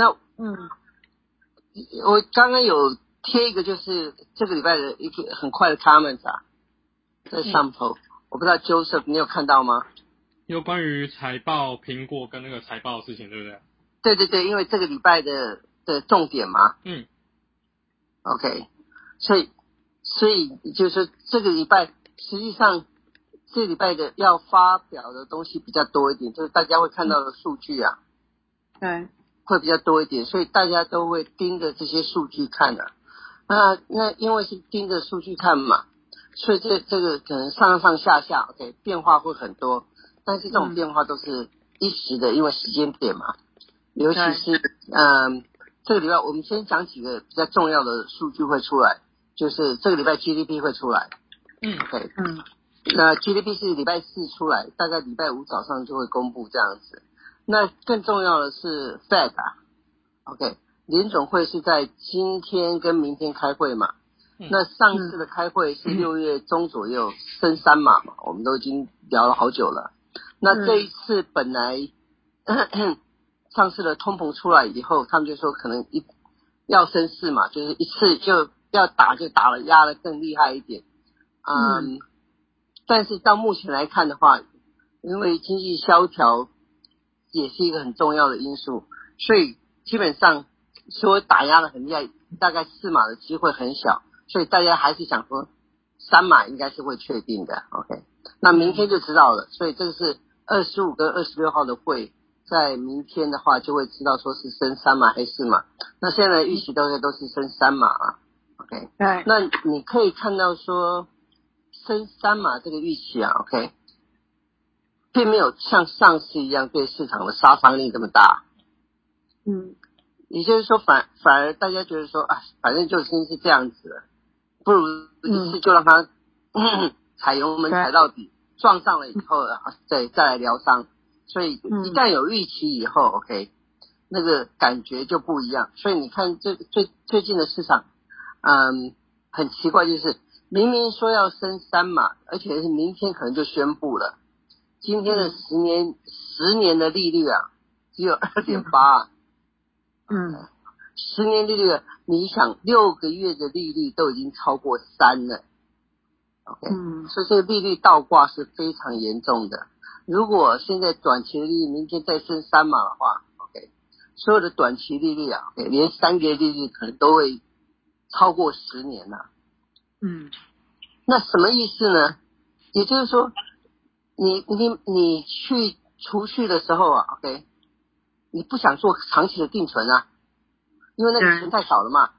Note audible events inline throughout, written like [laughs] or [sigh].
那嗯，我剛剛有貼一個，就是這個禮拜的一個很快的 comments 啊，在上頭，嗯、我不知道 Joseph 你有看到嗎？有關於財報，蘋果跟那個財報的事情，對不對？對對對，因為這個禮拜的的重點嘛。嗯。OK，所以所以就是這個禮拜，實際上這禮拜的要發表的東西比較多一點，就是大家會看到的數據啊。對、嗯。會比較多一點，所以大家都會盯着這些數據看的、啊。那那因為是盯着數據看嘛，所以這這個可能上上下下，OK，變化會很多。但是這種變化都是一時的，嗯、因為時間點嘛。尤其是嗯對、呃，這個禮拜我們先講幾個比較重要的數據會出來，就是這個禮拜 GDP 會出來。Okay, 嗯，對，嗯。那 GDP 是禮拜四出來，大概禮拜五早上就會公佈這樣子。那更重要的是 Fed 啊，OK，聯準會是在今天跟明天開會嘛？嗯、那上次的開會是六月中左右升三碼嘛？嗯、我們都已經聊了好久了。那這一次本來、嗯、咳咳上次的通膨出來以後，他們就說可能一要升四碼，就是一次就要打就打了，壓得更厲害一點。嗯，嗯但是到目前來看的話，因為經濟蕭條。也是一個很重要的因素，所以基本上說打壓得很厲害，大概四碼的機會很小，所以大家還是想說三碼應該是會確定的。OK，那明天就知道了。所以這個是二十五跟二十六號的會，在明天的話就會知道說是升三碼還是四碼。那現在預期都是都是升三碼啊。OK，對，那你可以看到說升三碼這個預期啊。OK。並沒有像上次一樣對市場的殺傷力這麼大，嗯，也就是說反，反反而大家覺得說啊，反正就已經是這樣子了，不如一次就讓他、嗯嗯、踩油門踩到底，是撞上了以後、啊，對，再來療傷。所以一旦有預期以後、嗯、OK，那個感覺就不一樣。所以你看這，這最最近的市場，嗯，很奇怪，就是明明說要升三碼，而且是明天可能就宣布了。今天的十年、嗯、十年的利率啊，只有二點八，嗯，十年利率，這個，你想六個月的利率都已經超過三了，OK，所以這個利率倒掛是非常嚴重的。如果現在短期的利率明天再升三碼的話，OK，所有的短期利率啊，okay, 連三個月利率可能都會超過十年吶、啊。嗯，那什麼意思呢？也就是說。你你你去出去的時候啊，OK，你不想做長期的定存啊，因為那個錢太少了嘛，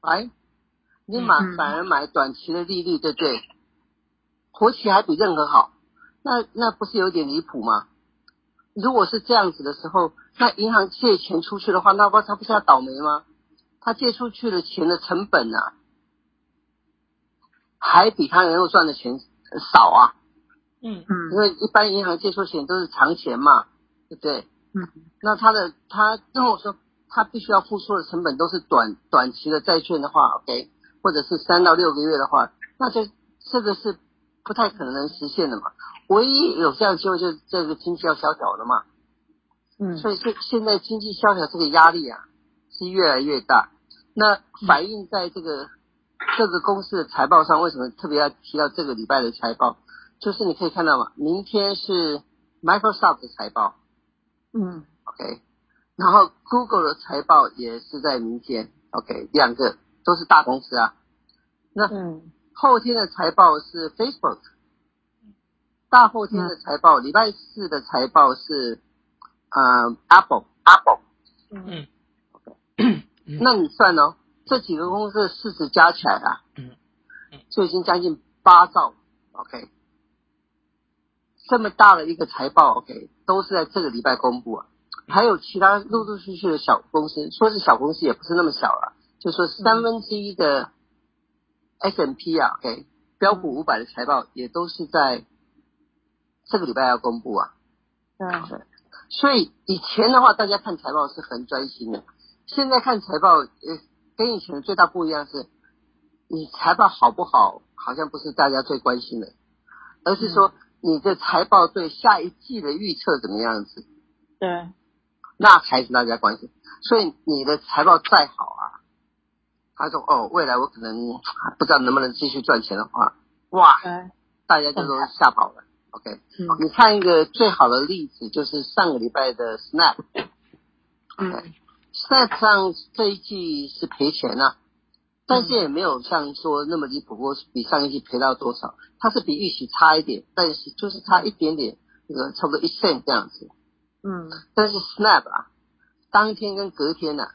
哎，你買反而買短期的利率，對不對？活期還比任何好，那那不是有點離譜嗎？如果是這樣子的時候，那銀行借錢出去的話，那不他不是要倒霉嗎？他借出去的錢的成本啊，還比他能夠賺的錢少啊。嗯嗯，因為一般銀行借出錢都是長錢嘛，對不對？嗯，那他的他，因為我說他必須要付出的成本都是短短期的債券的話，OK，或者是三到六個月的話，那就這個是不太可能能實現的嘛。唯一有這樣的機會，就是這個經濟要蕭條了嘛。嗯，所以現現在經濟蕭條這個壓力啊是越來越大。那反映在這個這個公司的財報上，為什麼特別要提到這個禮拜的財報？就是你可以看到嘛，明天是 Microsoft 的財報，嗯，OK，然後 Google 的財報也是在明天，OK，兩個都是大公司啊。那後天的財報是 Facebook，大後天的財報，禮拜四的財報是 Apple，Apple，嗯，OK，那你算呢？這幾個公司的市值加起來啊，嗯，就已經將近八兆，OK。這麼大的一個財報，OK，都是在這個禮拜公布啊。還有其他陸,陸陸續續的小公司，說是小公司也不是那麼小了，啊，就說三分之一的 S&P 啊，OK，標普五百的財報也都是在這個禮拜要公布啊。對、嗯，所以以前的話，大家看財報是很專心的。現在看財報，呃，跟以前的最大不一樣是，你財報好不好，好像不是大家最關心的，而是說，嗯你的財報對下一季的預測怎麼樣子？對，那才是大家關心。所以你的財報再好啊，他說哦，未來我可能不知道能不能繼續賺錢的話，哇，Okay. 大家就都嚇跑了。OK，嗯，你看一個最好的例子就是上個禮拜的 Snap，okay. 嗯，Snap 上這一季是賠錢啊。但是也沒有像說那麼離譜，不過比上一期賠到多少？它是比預期差一點，但是就是差一點點，那個差不多一 cent 這樣子。嗯，但是 Snap 啊，當天跟隔天吶、啊，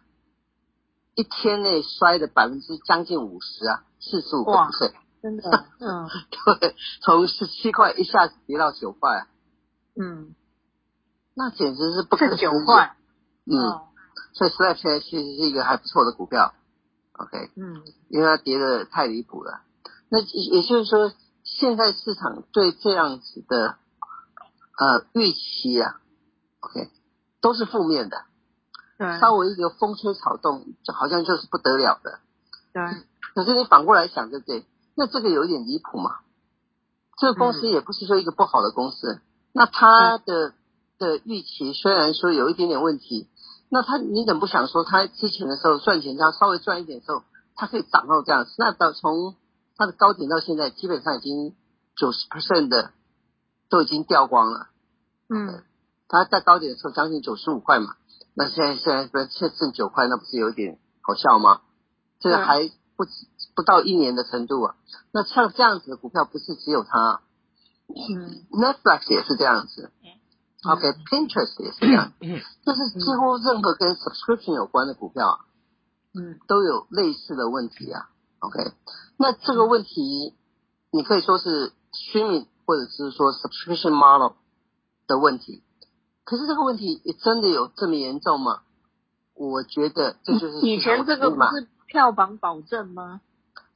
一天內摔的百分之將近五十啊，四十五塊。哇，真的，嗯， [laughs] 對，從十七塊一下子跌到九塊啊。嗯，那簡直是不可思議。是九塊。嗯，哦、所以 Snap 現在其實是一個還不錯的股票。OK，嗯，因為它跌得太離譜了。那也就是說，現在市場對這樣子的呃預期啊，OK，都是負面的。對。稍微一個風吹草動，就好像就是不得了的。對。可是你反過來想，對不對？那這個有點離譜嘛？這個公司也不是說一個不好的公司。嗯、那它的、嗯、的預期雖然說有一點點問題。那他你怎麼不想說？他之前的時候賺錢，他稍微賺一點的時候，他可以漲到這樣。那到從他的高點到現在，基本上已經九十 percent 的都已經掉光了。嗯，他在高點的時候將近九十五塊嘛，那現在現在不是剩九塊，那不是有點好笑嗎？這個還不止不到一年的程度啊。那像這樣子的股票，不是只有他嗯，Netflix 也是這樣子。OK，Pinterest，okay, 也是這樣，嗯、就是幾乎任何跟 subscription 有關的股票，啊，嗯，都有類似的問題啊。OK，那這個問題，你可以說是 streaming 或者是說 subscription model 的問題。可是這個問題也真的有這麼嚴重嗎？我覺得這就是以前這個不是票房保證嗎？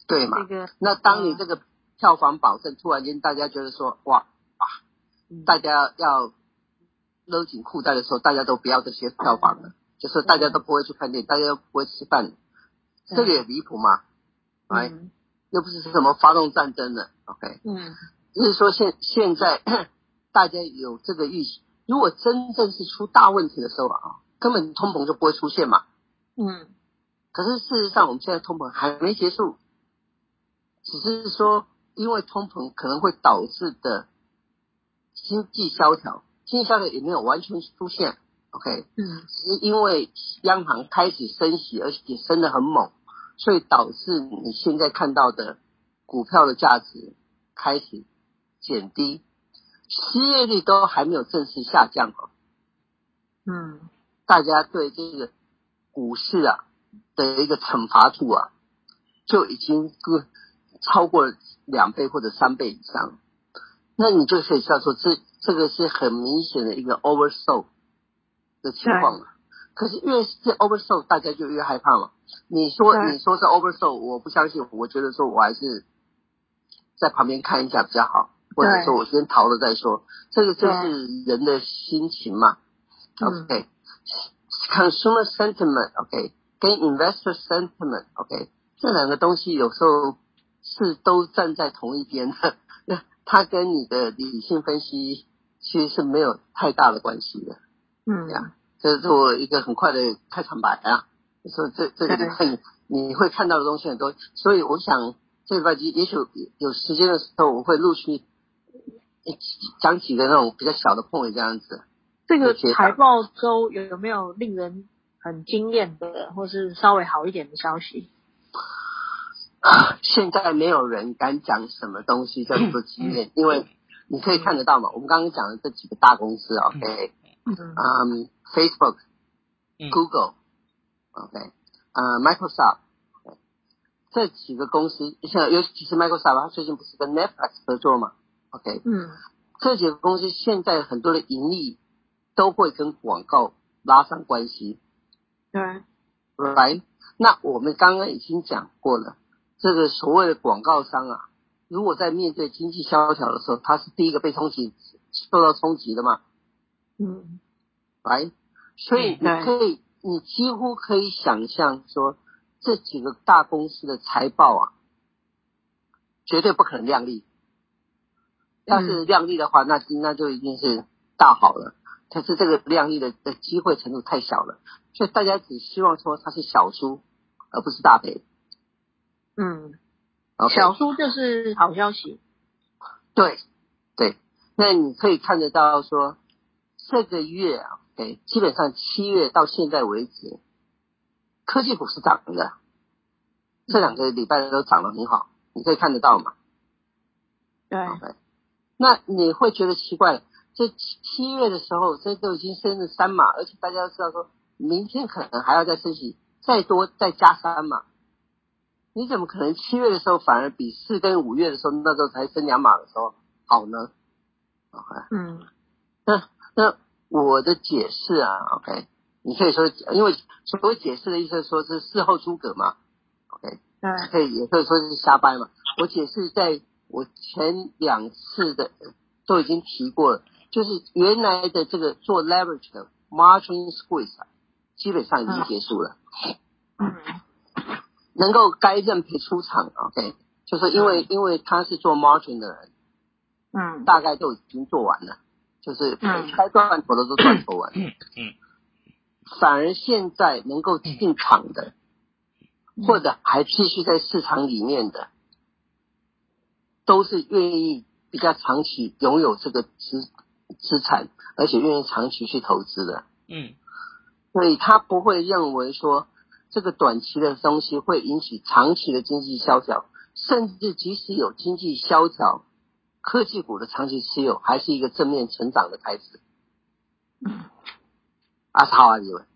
對嘛？這個，那當你這個票房保證、嗯、突然間大家覺得說哇、啊、大家要。勒緊褲帶的時候，大家都不要這些票房了，嗯、就是大家都不會去看電影，嗯、大家都不會吃飯，嗯、這個也離譜嘛，哎、嗯，又不是什麼發動戰爭了 okay，嗯，就是說現在現在大家有這個預期，如果真正是出大問題的時候啊、哦，根本通膨就不會出現嘛，嗯，可是事實上我們現在通膨還沒結束，只是說因為通膨可能會導致的經濟蕭條。經濟效應也沒有完全出現，OK，是、嗯、因為央行開始升息，而且升得很猛，所以導致你現在看到的股票的價值開始減低，失業率都還沒有正式下降啊、哦，嗯，大家對這個股市啊的一個懲罰度啊，就已經過超過了兩倍或者三倍以上。那你就可以知道說這，這這個是很明顯的一個 oversold 的情況了。對可是越是 oversold，大家就越害怕嘛。你說對你說是 oversold，我不相信，我覺得說我還是在旁邊看一下比較好，對或者說我先逃了再說。對這個就是人的心情嘛。嗯、OK，consumer sentiment OK，跟 investor sentiment OK，這兩個東西有時候是都站在同一邊的。 [laughs] 它跟你的理性分析其實是沒有太大的關係的，嗯這樣，這是我一個很快的開場白啊，所以這這個很你，對你會看到的東西很多，所以我想這一塊也也許有時間的時候我會陸續講幾個那種比較小的碰位這樣子。這個財報周有沒有令人很驚豔的或是稍微好一點的消息？呃、現在沒有人敢講什麼東西叫做經驗，嗯嗯、因為你可以看得到嘛。嗯、我們剛剛講的這幾個大公司，OK，嗯，嗯、um，Facebook 嗯、Google，OK，Microsoft 這幾個公司，像尤其是 Microsoft，它最近不是跟 Netflix 合作嘛？OK，嗯，這幾個公司現在很多的盈利都會跟廣告拉上關係，對、嗯、Right？那我們剛剛已經講過了。這個所謂的廣告商啊，如果在面對經濟蕭條的時候，他是第一個被衝擊、受到衝擊的嘛？嗯，來，所以你可以，你幾乎可以想象說，這幾個大公司的財報啊，絕對不可能亮麗。要是亮麗的話，嗯、那那就一定是大好了。可是這個亮麗的，的機會程度太小了，所以大家只希望說它是小輸，而不是大賠。嗯，Okay 小蘇就是好消息。對，對，那你可以看得到說，這個月啊，對，基本上七月到現在為止，科技股是漲的，這兩個禮拜都漲得很好，你可以看得到嘛？對、okay。那你會覺得奇怪，這七月的時候，這都已經升了三碼，而且大家都知道說，明天可能還要再升息，再多再加三碼。你怎麼可能七月的時候反而比四跟五月的時候，那時候才升兩碼的時候好呢？嗯，那那我的解釋啊，OK，你可以說，因為所有解釋的意思是說是事後諸葛嘛，OK，對，可以，也可以說是瞎掰嘛。我解釋在我前兩次的都已經提過了，就是原來的這個做 leverage 的 margin squeeze 啊，基本上已經結束了。嗯嗯能夠該認賠出場，OK，就是因為、嗯、因為他是做 margin 的人，嗯，大概都已經做完了，就是該斷頭的都斷頭完了。嗯嗯，嗯嗯反而現在能夠進場的，嗯、或者還繼續在市場裡面的，都是願意比較長期擁有這個資資產，而且願意長期去投資的。嗯，所以他不會認為說。這個短期的東西會引起長期的經濟蕭條，甚至即使有經濟蕭條，科技股的長期持有還是一個正面成長的開始。二十號啊，你們。